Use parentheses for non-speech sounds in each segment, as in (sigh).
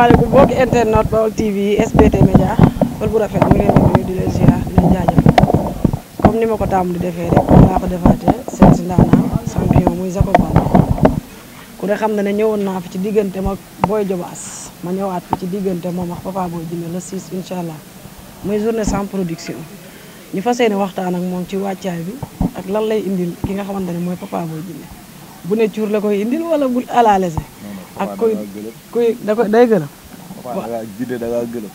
asalaamaaleykum mbokki internet Baol TV SBT Média xol bu rafet mu ngi leen di nuyu di leen ziar comme ni ma ko taamu di defee rek laa ko defaatee seet si ndaanaan champion muy Jacob Baldé ku ne xam na ne ñëwoon naa fi ci diggante ma Boy Jobaas ma ñëwaat fi ci diggante moom ak Papa Boy Djiné le 6 incha allah muy journée sans production ñu fas yéene waxtaan ak moom ci wàccaay bi ak lan lay indil ki nga xamante ne mooy Papa Boy Djiné bu ne cuur la koy indil ak kuy kuy da koy day gëlëm. waaw da ngaa gëlëm.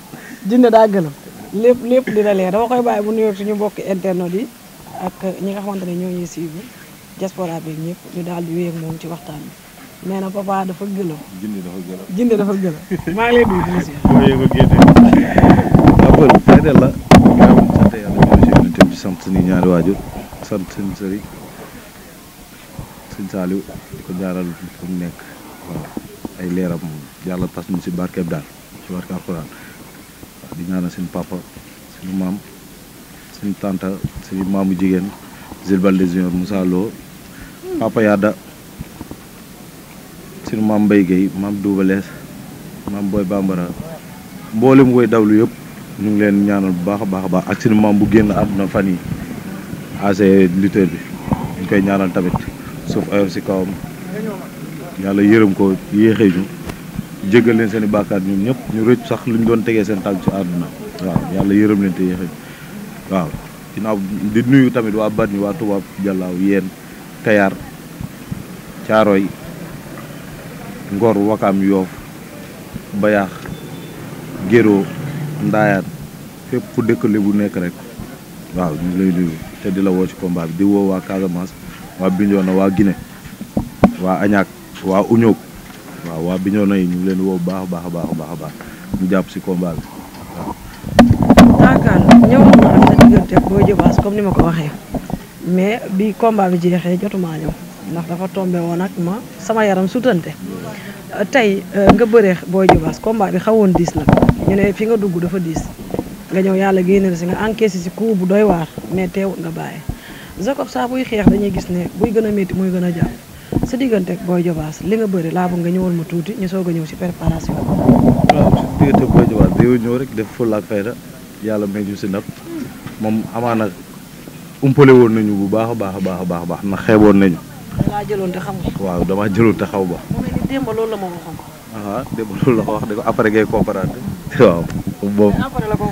jinde daa gëlëm lépp lépp dina leer dama koy bàyyi bu nuyoog suñu mbokki internet yi ak ñi nga xamante ne ñoo ñuy suivre diaspora bi ñëpp ñu daal di wéy ak moom ci waxtaan bi. nee na papa dafa gëlëm. jinde dafa gëlëm dafa gëlëm. maa ngi lay nuyu ma yëgoo génne. Apple fayadel la. bi sant suñu ñaari waajur sant suñu sëriñ suñu ko jaaral fi nekk ay leeram yàlla tas ñu si barkeeb daal ci barke alxuraan di ñaanal suñu papa suñu maam suñu tanta suñu maamu jigéen Zilbal de Junior Moussa Lo papa Yada suñu maam Mbaye Guèye maam Douba Lees maam Boy Bambara mu woy dawlu yëpp ñu ngi leen ñaanal bu baax a baax a baax ak suñu maam bu génn àdduna fan yi AC lutteur bi ñu koy ñaanal tamit suuf ayoor si kawam. yàlla yërëm ko yéexee ñu jéggal leen seen i bàkkaar ñoom ñëpp ñu rëcc sax lu ñu doon tegee seen tànk ci àdduna waaw yàlla yërëm leen te yéexee ñu waaw di nuyu tamit waa Bargny waa Tubaab Jallaaw yéen Kayar Caaroy Ngor Wakaam Yoof Bayaax Géro Ndaayaat fépp fu dëkk bu nekk rek waaw ñu ngi lay nuyu te di la woo ci di woo waa Casamance waa Bignona waa Guinée waa Añaak waa uñëw waaw bi ñoo nay ñu ngi leen woo baax a baax a baax baax ñu jàpp si combat bi waaw. Kaakaar ñëw na ma comme ni ma ko waxee mais bi combat bi jeexee jotumaa ñëw ndax dafa tombé woon ak ma sama yaram sutante tey euh, nga bëree booy jëbaas combat bi xawoon diis nag ñu ne fi nga dugg dafa diis nga ñëw yàlla génne si nga encaissé si coup bu doy waar mais teewut nga bàyyi Jacob saa buy xeex dañuy gis ne buy gën a métti muy gën a jàpp. sa diggante ak Boy Diobass li nga bëri laa bëgg nga ñëwal ma tuuti ñu soog a ñëw si préparation bi. waaw ñëw rek def fulla ak fayda yàlla may ñu si nag moom amaana umpale woon nañu bu baax a baax a baax a baax baax na xeeboon nañu. damaa jëloon te xam nga. waaw damaa jëloon te xaw ba. mu mel ni démb la ma wax de ko après ngay comprendre. waaw boobu (laughs) après la ko.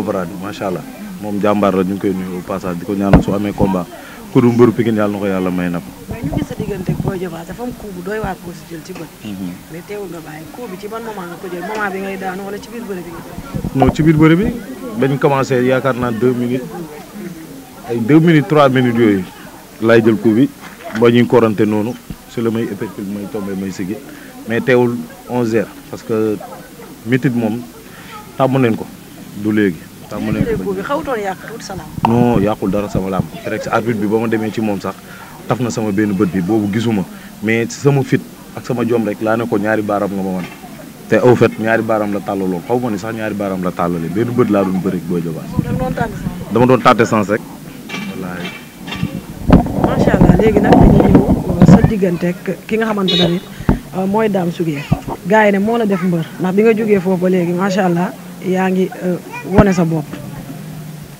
après lay allah moom jàmbaar la ñu ngi koy nuyu au passage di ko ñaanal su amee combat ku du mbëru Pikine yàlla na ko yàlla may na ko. diggante Boy Diobass dafa am coup bu doy waar boo si jël ci bët. Mhm. mais teewul nga bàyyi coup ci ban moment nga ko jël bi ngay daanu wala ci biir bëri bi nga ci biir bëri bi bañ commencé yaakaar naa deux minutes ay deux minutes trois minutes yooyu laay jël coup bi ba ñuy korante noonu si la may épercule may tombé may sigi mais teewul onze heures parce que métit moom tàmm nañ ko du léegi. tàmm nañ ko non yàqul dara sama làmb rek si arbitre bi ba ma demee ci moom sax. taf na sama benn bët bi boobu gisuma mais sama fit ak sama jom rek laa ne ko ñaari baaraam nga ma wan te au fait ñaari baaraam la tàllaloon xaw ma ne sax ñaari baaraam la tàllale benn bët laa doon bëri booy jobaas dama doon tàtte sens rek wallaahi macha allah euh, ki nga xamante ne euh, mooy Dame Souguer gars yi ne moo la def mbër ndax bi nga jógee foofu ba léegi macha allah yaa ngi euh, wone sa bopp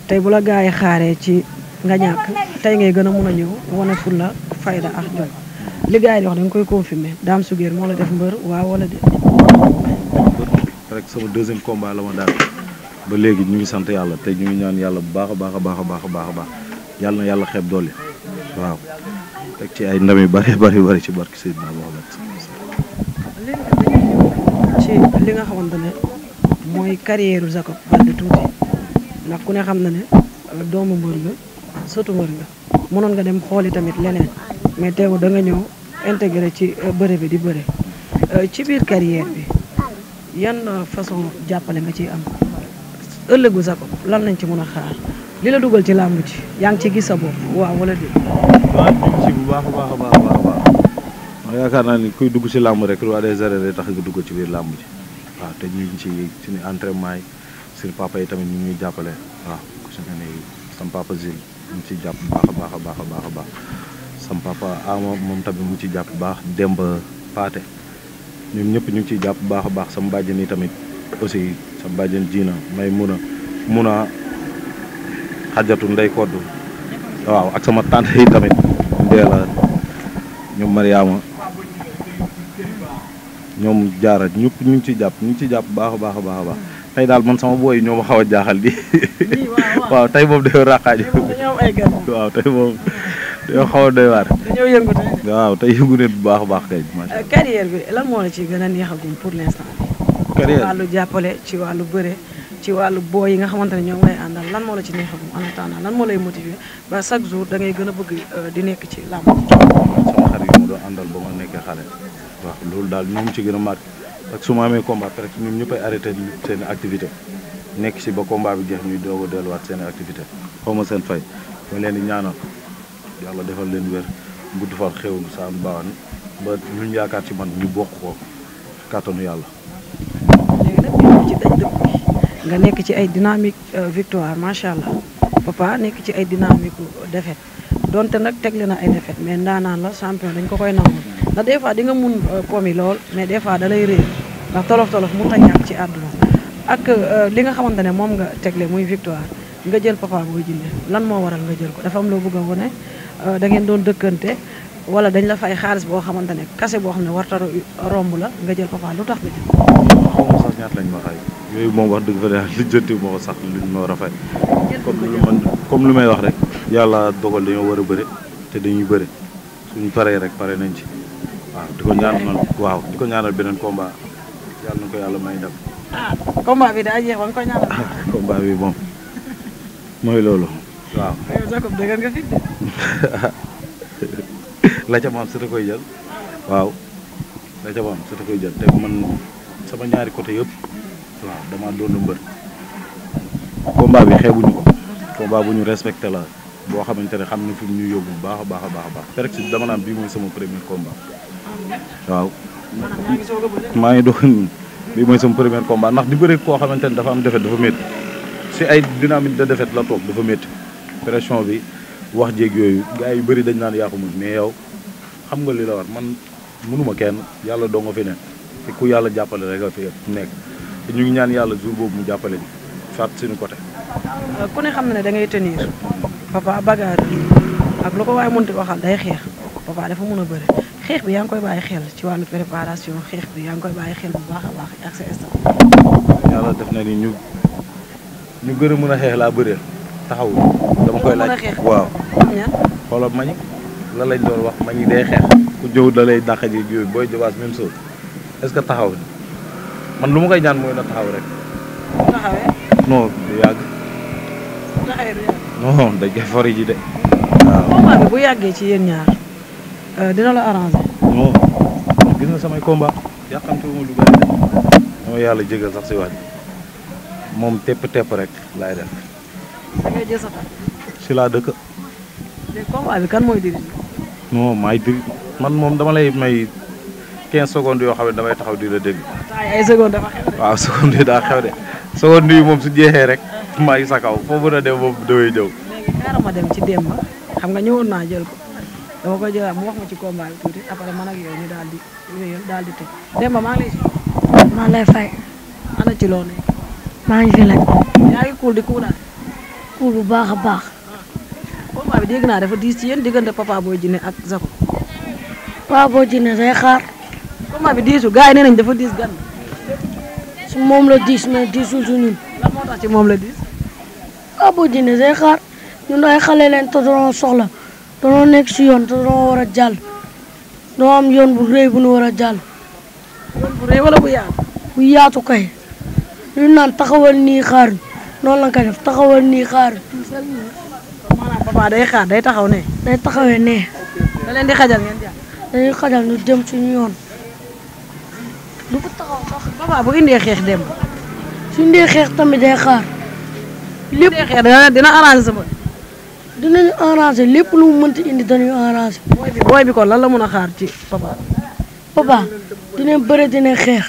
tey bu la gars yi xaaree ci nga ñàkk tey ngay gën a mun a ñëw wane fulla fayda ak jom li gars yi di wax da nga koy confirmer daam Suguer moo la def mbër waaw wala de rek sama deuxième combat la ma daal ba léegi ñu ngi sant yàlla te ñu ngi ñaan yàlla bu baax a baax a baax a baax a baax a baax yàlla yàlla xeeb doole waaw rek ci ay ndam yu bari bari bari ci barki Seydina Mohamed ci li nga xamante ne mooy carrière Jacob Baldé tuuti ndax ku ne xam na ne doomu mbër la sëtu mbër nga mënoon nga dem xooli tamit leneen mais teewul da nga ñëw intégré ci euh, bëre bi di bëre euh, ci biir carrière bi yan euh, façon jàppale nga ci am ëllëgu sa ko lan nañ ci mun a xaar li la dugal ci làmb ci yaa ngi ci gis sa bopp waaw wala déet. waaw ci bu baax a baax a yaakaar naa ni kuy dugg ci làmb rek tax nga dugg ci biir làmb ji waaw te ñu ngi ci suñu entraînement yi sur papa yi tamit ñu ngi ñuy jàppale waaw ku si mel ni papa Zil. ñu ngi ciy jàpp bu baax a baax a baax a baax a baax sam papa ama moom tamit mu ngi ciy jàpp bu baax Demba Paate ñoom ñëpp ñu ngi ciy jàpp bu baax a baax sam bàjjen yi tamit aussi sam bàjjen jiina may mun a mun a xajatu ndey kodd waaw ak sama tante yi tamit ndee la ñoom Mariama ñoom jaara ñëpp ñu ngi ciy jàpp ñu ngi ciy jàpp baax a baax a baax tey daal man sama booy ñoo ma xaw a jaaxal di waaw tey moom dañoo ràqaaju waaw tey moom xaw a doy waar. dañoo yëngu te waaw tey yëngu bu baax a baax kay. macha euh, allah carrière bi lan moo la ci gën a neexagum pour l'instant. carrière ci wàllu jàppale ci wàllu bëre ci wàllu booy yi nga xamante ne ñoom lay àndal lan moo la ci neexagum en attendant lan moo lay motiver ba chaque jour da ngay gën a bëgg euh, di nekk ci làmb. sama xarit yi mu doon àndal ba ma nekkee xale waaw loolu daal ñoom ci gën a marqué. ak su ma amee combat peut être ñoom ñëppay arrêté seen activité nekk si ba combat bi jeex ñuy doog a delluwaat seen activité xaw ma seen fay ma leen di ñaanal yàlla defal leen wér gudd fan xéwlu saa am baax ba yaakaar ci man ñu bokk ko kàttanu yàlla. nekk ci ay dynamique euh, victoire macha allah papa nekk ci ay dynamique défaite donte nag tegle na ay défaite mais ndaanaan la champion dañ ko koy nangu ndax des fois di mun euh, pomi lool mais des fois da ndax tolof tolof mun ta ñàkk ci àdduna ak euh, li nga xamante ne moom nga tegle muy victoire nga jël Papa Boy Djiné lan moo waral nga jël ko dafa am loo bëgg a wone euh, dangeen doon dëkkante wala dañ la fay xaalis boo xamante ne kase boo xam ne warta romb la nga jël Papa lu tax nga jël xaw ma sax ñaata lañ ma fay yooyu moom wax dëgg fa ne lijjanti ma ko sax luñ ma war a fay comme lu may wax rek yàlla dogal dañoo war a bëri te dañuy bëri suñu paree rek pare nañ ci waaw di ko ñaanal beneen combat yàlla na ko yàlla may dem. ah combat bi daa jeex ba nga ko ñaanal. Ah, combat bi moom mooy loolu. waaw (laughs) yow Jacob dëgër nga fi de. (laughs) la ca koy jël waaw la ca maam koy jël te man sama ñaari côté yëpp waaw damaa doon mbër. combat bi xeebuñu ko. combat bu ñu respecté la boo xamante ne xam ne fi mu ñu yóbbu bu baax a baax a baax a baax. te si dama naan bii mooy sama premier combat waaw. maa ngi doog (laughs) bi mooy sama premier combat ndax di bëri koo xamante ne dafa am défaite dafa métti si ay dynamique de défaite la toog dafa métti pression bi wax jéeg yooyu gars yu bëri dañ naan yaa ko mën mais yow xam nga lii la war man mënuma kenn yàlla doo nga fi ne te ku yàlla jàppale rek a fi nekk ñu ngi ñaan yàlla jour boobu mu jàppale ñu faat suñu côté. Euh, ku ne xam na ne da ngay tenir papa bagaar ak lu ko waaye mënti waxal day xeex papa dafa mën a xeex bi yaa ngi koy bàyyi xel ci wàllu préparation xeex bi yaa ngi koy bàyyi xel bu baax a baax yàlla def na ni ñu ñu gën a mën a xeex laa bëree taxawul. dama koy laaj waaw. xoolal ma ñu la lañ wax ma ñu day xeex. ku jëwut la lay dàq booy jëwaas même chose est-ce que taxaw man lu ma koy ñaan mooy na taxaw rek. taxawee. non du yàgg. taxawee bu yàggee ci yéen ñaar. Euh, dina la arrangé. non gis na samay combat yàqamte wu ma lu bëri de. dama yàlla jégal sax si waaj moom tepp tepp rek laay def. da ngay si laa dëkk. léegi combat bi kan mooy dirige. non man moom dama lay may 15 secondes yoo xam ne damay taxaw di la dégg. ay waaw secondes yi daa xew de secondes yi moom si jeexee rek maa ngi sa kaw foo mën a dem moom daway jëw. dama koy jëlaat mu wax ma ci combat bi tuuti après man ak yow daal di wéyal daal di maa ngi lay si. maa ci loo nekk. maa ngi fi nag. ngi kuul di kuulaat. kuul bu baax a baax. Ah. combat bi dégg naa dafa diis ci yéen diggante Papa Boy Djiné ak Zako. Papa Boy Djiné day xaar. combat bi diisul gars nee nañ dafa diis gan. su moom la diis mais diisul su ñun. lan moo tax ci moom la diis. Papa Boy Djiné day xaar ñun ay leen te doon soxla. danoo nekk si yoon te danoo war a jàll am yoon bu rëy bu nu war a jàll. bu wala bu yaatu. bu yaatu kay. lu naan taxawal nii xaar noonu la nga koy def taxawal nii xaar. maanaam day xaar day taxaw ne. day taxawee ne. da leen di xajal ngeen jàll. dañuy xajal ñu jëm suñu yoon. du ko taxaw bu indee xeex dem. su indee xeex tamit day xaar. lépp dina arrangé sama. dinañu arranger lépp lu mu mënti indi dañuy arranger. booy bi booy bi kon lan la mën a xaar ci papa. papa dinañ bëre dinañ xeex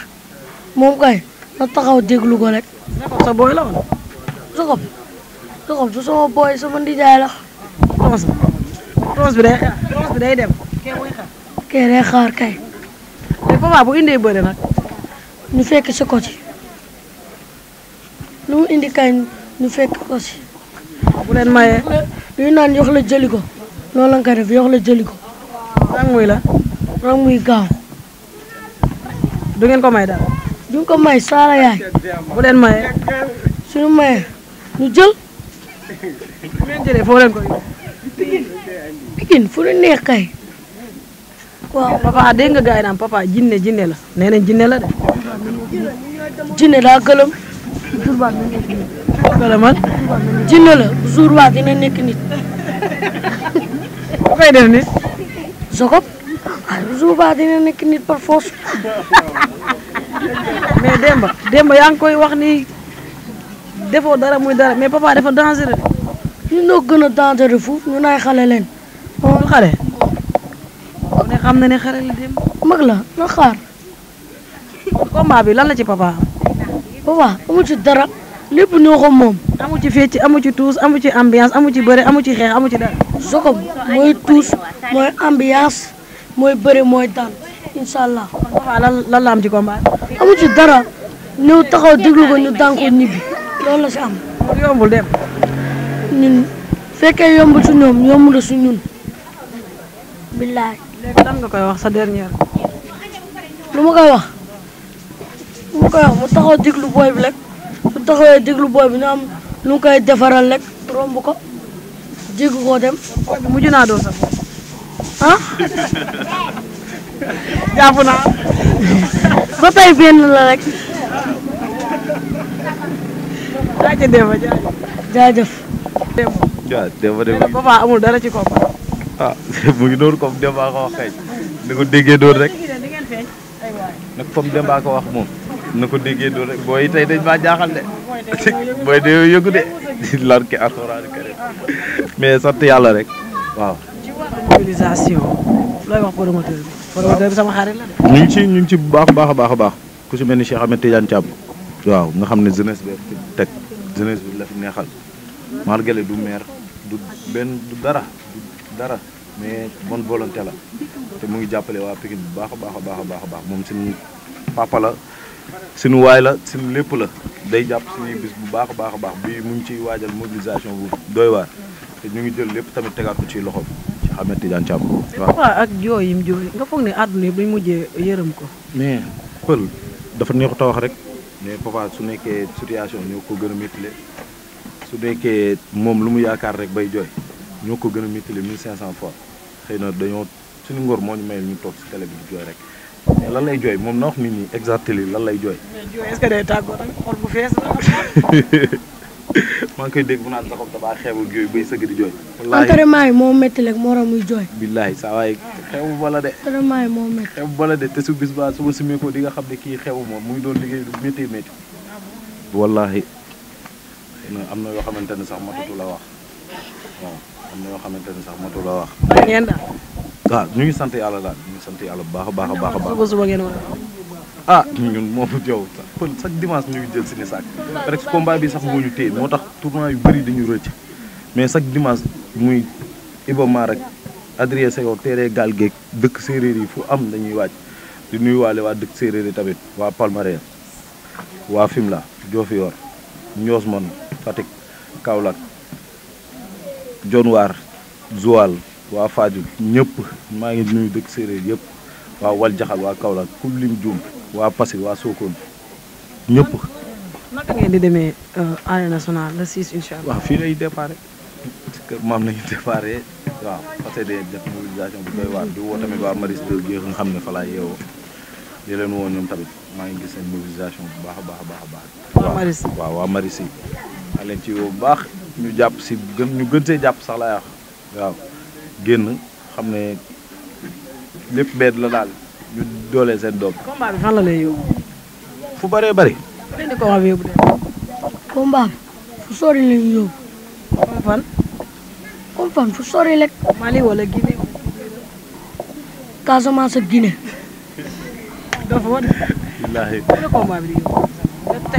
moom kay na taxaw déglu ko rek. sa booy la woon. soxam soxam su sama booy la. toos toos day dem. kee mooy xaar kay. mais bu indee bëre nag. ñu fekk si ko ci. lu mu indi kay ñu fekk ko ci. bu leen luy naan yox la jëli ko loolu la nga la jëli ko naan muy la naan muy gaaw du ngeen ko may dara du ko may saala yaay bu leen maye suñu maye ñu jël bu leen jëlee ko pikin pikin fu ñu neex kay papa dégg nga gars yi naan papa jinne jinne la nee nañ jinne la de jinne daa gëlëm ko la man. jinne la jour waa nekk nit. ku koy def nit. Sokop waaye ah, jour waa dina nekk nit par force. mais Demba Demba yaa ngi koy wax ni defoo dara muy dara mais papa dafa dangereux. ñu noo gën a dangereux foofu ñu nay xale leen. moom ne xam na ne xale la Demba. mag la na xaar. combat bi lan ci papa. papa amu ci dara. lépp ñoo ko moom. amu ci fecc amu ci tuus amu ci ambiance amu ci bëre amu ci xeex amu ci dara. Sokone mooy tuus mooy ambiance mooy bëre mooy daan incha allah. waaw la am ci combat. amu ci dara ñëw taxaw déglu ko ñu daan ko la si am. yombul dem. si ñun. billaay. léegi koy wax sa dernière. lu koy wax. lu ma koy taxaw déglu booy bi rek. bu taxawee déglu booy bi na am lu koy defaral rek romb ko déglu koo dem. booy bi mujj naa doon ah. (laughs) jàpp naa. ba tey benn la rek. jaajëf Demba jaajëf. Demba Demba Demba amul dara ci combat. ah (laughs) mu ngi ko wax kay. ni ko doon rek. nag comme Demba ko wax moom. na ko déggee doo rek booy tey dañ maa jaaxal de booy de yëgu de larki alxuraan karim mais sant yàlla rek waaw. mobilisation looy wax promoteur bi. sama xarit la de. ñu ngi ci ñu ngi ci bu baax a baax a baax ku si mel ni Cheikh Ahmed Tidiane Thiam. waaw nga xam ne jeunesse bi fi teg jeunesse bi la fi neexal malgré du meer du benn du dara dara mais bonne volonté la te mu ngi jàppale waa Pikine bu baax a baax a baax a baax moom suñu papa la. suñu waay la suñu lépp la day jàpp suñuy bis bu baax a baax a baax bii mu ngi ciy waajal mobilisation bu dooy waar te ñu ngi jël lépp tamit tegaat ko ci loxo bi Cheikh Ahmed Tidiane Thiam waaw ak jooy yim jooy nga foog ne àdduna bi ñu mujjee yërëm ko mais pël dafa neexut a wax rek mais papa su nekkee situation ñoo ko gën a méttile su nekkee moom lu mu yaakaar rek bay jooy ñoo ko gën a méttile mille cinq cent fois xëy na dañoo suñu ngor moo ñu mayel ñu toog si télé bi di rek mais lan lay jooy moom na wax nit ñi exactement lan lay jooy. (laughs) mais jooy fees la. (laughs) maa ngi koy dégg mu naan saxam xew xeebul yooyu bay sëgg di jooy. wallaahi entraînement yi moo métti rek moo raw muy jooy. billaahi saa waay xew bala de. entraînement yi de te su bis ba su ma simee kii xeebu moom muy doon liggéey du métti am na yoo xamante ne sax matatu la wax am na yoo xamante ne sax matatu la wax. waaw ñu ngi sant yàlla daan ñu ngi sant yàlla bu baax a baax a baax a baax. suba suba ngeen war ah ñun moom (laughs) yow pël chaque dimanche ñu ngi jël suñu saak rek combat bi sax moo ñu moo tax tournoi yu bëri dañu rëcc mais chaque dimanche muy Iba Mar rek Adrien Senghor teeree gaal geeg dëkk séeréer yi fu am dañuy wàcc di nuyuwaale waa dëkk séeréer yi tamit waa Palmarin waa Fimela Diofior Ndiosmone Fatick kawlak Dionewar Joal waa Fadiouth ñëpp maa ngi nuyu dëkk séeréer yëpp waa Waljaxal waa Kaolack kum lim juum waa Passy waa Sokone ñëpp. naka demee euh, arène nationale le 6 incha allah. waaw fii lay déparé kër maam nañu déparé waaw parce que day def mobilisation bu doy waar di woo tamit waa Maris de Guèye nga xam ne fa laa yeewoo di leen woo ñoom tamit maa ngi gis seen mobilisation bu baax a baax a baax a baax. waa Maris waaw waa Maris yi. maa ci woo bu baax ñu jàpp si gën ñu gën see jàpp sax la yàq waaw. génn xam ne lépp benn la daal ñu dooleel seen doom. combat bi fan la lay yóbbu. fu bëree bëri. fu di combat bi yóbbu fu sori la ñuy yóbbu. fu sori rek. Mali wala Guinée. Casamance dafa wane. wallaahi.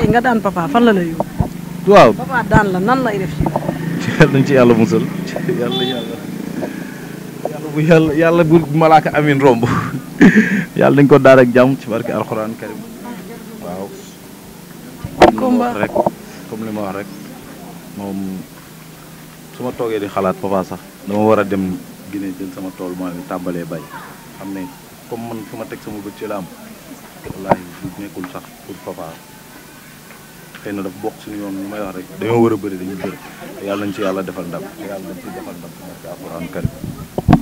bi nga daan papa fan la lay yóbbu. waaw papa daan la nan lay def ci. (laughs) yàlla nañ ci yàlla musal bu yàlla yàlla bu malaaka amin romb yàlla dañ ko daar ak jàmm ci barke alxuraan karim waaw combat rek comme li ma wax rek moom ma toogee di xalaat papa sax dama war a dem Guinée jël sama tool maa ngi tàmbalee bay xam ne comme man fi ma teg sama bët ci la am wallaahi bu nekkul sax pour papa xëy na dafa bokk suñu yoon ñu may wax rek dañoo war a bëri dañuy bëri yàlla nañ ci yàlla defal ndam yàlla nañ ci defal ndam ci alxuraan karim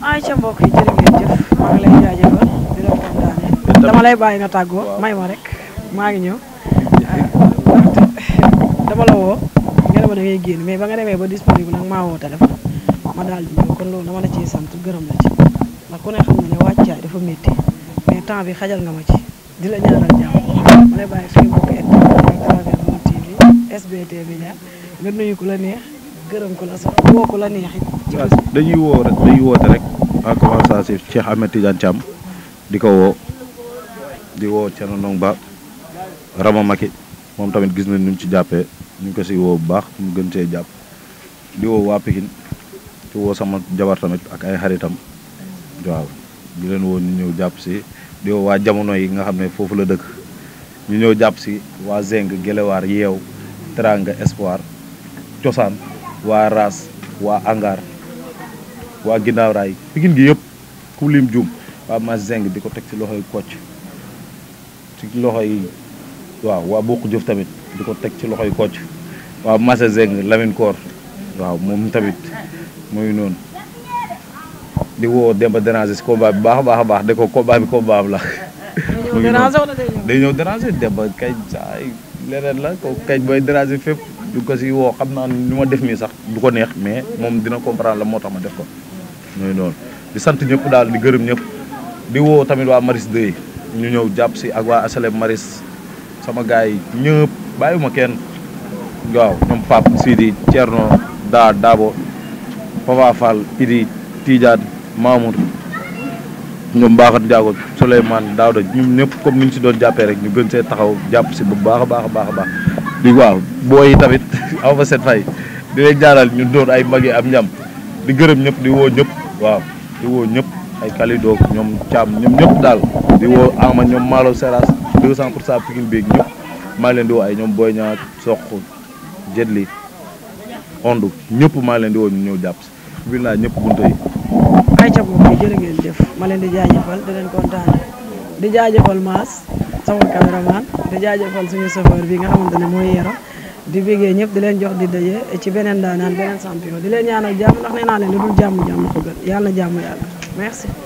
ay ca mbokk yi jërë ngeen jëf maa ngi lay jaajëfal di la kontaane dama lay bàyyi nga tàggoo may ma rek maa ngi ñëw ah, dama la woo ma da ngay mais ba nga demee ba disponible nag maa woo téléphone ma daal di ñëw kon loolu dama la ciy sant gërëm la ci ndax ku ne xam na ne wàccaay dafa métti temps bi xajal nga ma ci di la ñaanal jàmm ma lay bàyyi suñu mbokk et à travers Mouride TV SBT Média nga nuyu la neex gërëm ku la dañuy woo rek dañuy woote rek à commencer Cheikh Ahmed di ko woo di woo Thierno Ndong Ba Rama Maki moom tamit gis na ni mu ci jàppee ñu ko si woo bu baax mu gën see jàpp di woo waa Pikine di woo sama jabar tamit ak ay xaritam waaw di leen woo ñu ñëw jàpp si di woo waa jamono yi nga xam ne foofu la dëkk ñu ñëw jàpp si waa Zeng Gelewaar yeew Teranga Espoir cosaan waa Raas waa Angar waa ginnaaw raay gi yëpp ku lim juum waa Mazeng di ko teg ci loxoy Kocc ci loxoy waaw waa Bokk Jëf tamit di ko teg ci loxoy koc waa Massa Zeng Lamine Koor waaw moom tamit muy noonu di woo Demba déranger si combat bi baax baax baax de ko combat bi combat am la. day ñëw day ñëw. day ñëw Demba kañ saa leneen la ko kañ booy déranger fépp. du ko si woo xam naa ni ma def nii sax du ko neex mais moom dina comprendre la moo tax ma def ko mooy noonu di sant ñëpp daal di gërëm ñëpp di woo tamit Maris 2 ñu ñëw jàpp si ak waa asalèm Maris sama gars yi bàyyi ma kenn waaw ñoom Pape Sidi Thierno Da Dabo Papa Fall Idi Tidiane Mamour ñoom baaxat jaago Souleymane Daouda ñun ñëpp comme ni ñu si doon jàppee rek ñu gën see taxaw jàpp si bu baax baax a baax a baax di waaw booy tamit (laughs) aw ma seen fay di leen jaaral ñu doon ay mag yi am ñam di gërëm ñëpp di woo ñëpp waaw di woo ñëpp ay Kalidou ñoom Thiam ñoom ñëpp daal di woo Ama ñoom Malo Seras 200 pour cent Pikine beeg ñëpp maa ngi leen di woo ay ñoom Boy Niang Sokh Jetli Ondu ñëpp maa leen di woo ñu ñëw jàpp si ubbil naa ñëpp bunte yi. ayca boobu jërë ngeen jëf ma leen di jaajëfal di Maas. sama cameraman di jaajëfal suñu chauffeur bi nga xamante ne mooy Yero di bëggee ñëpp di leen jox di daje ci beneen daanaan beneen champion di leen ñaanal jàmm ndax nee naa leen lu dul jàmm jàmm ko gën yàlla na jàmm yàlla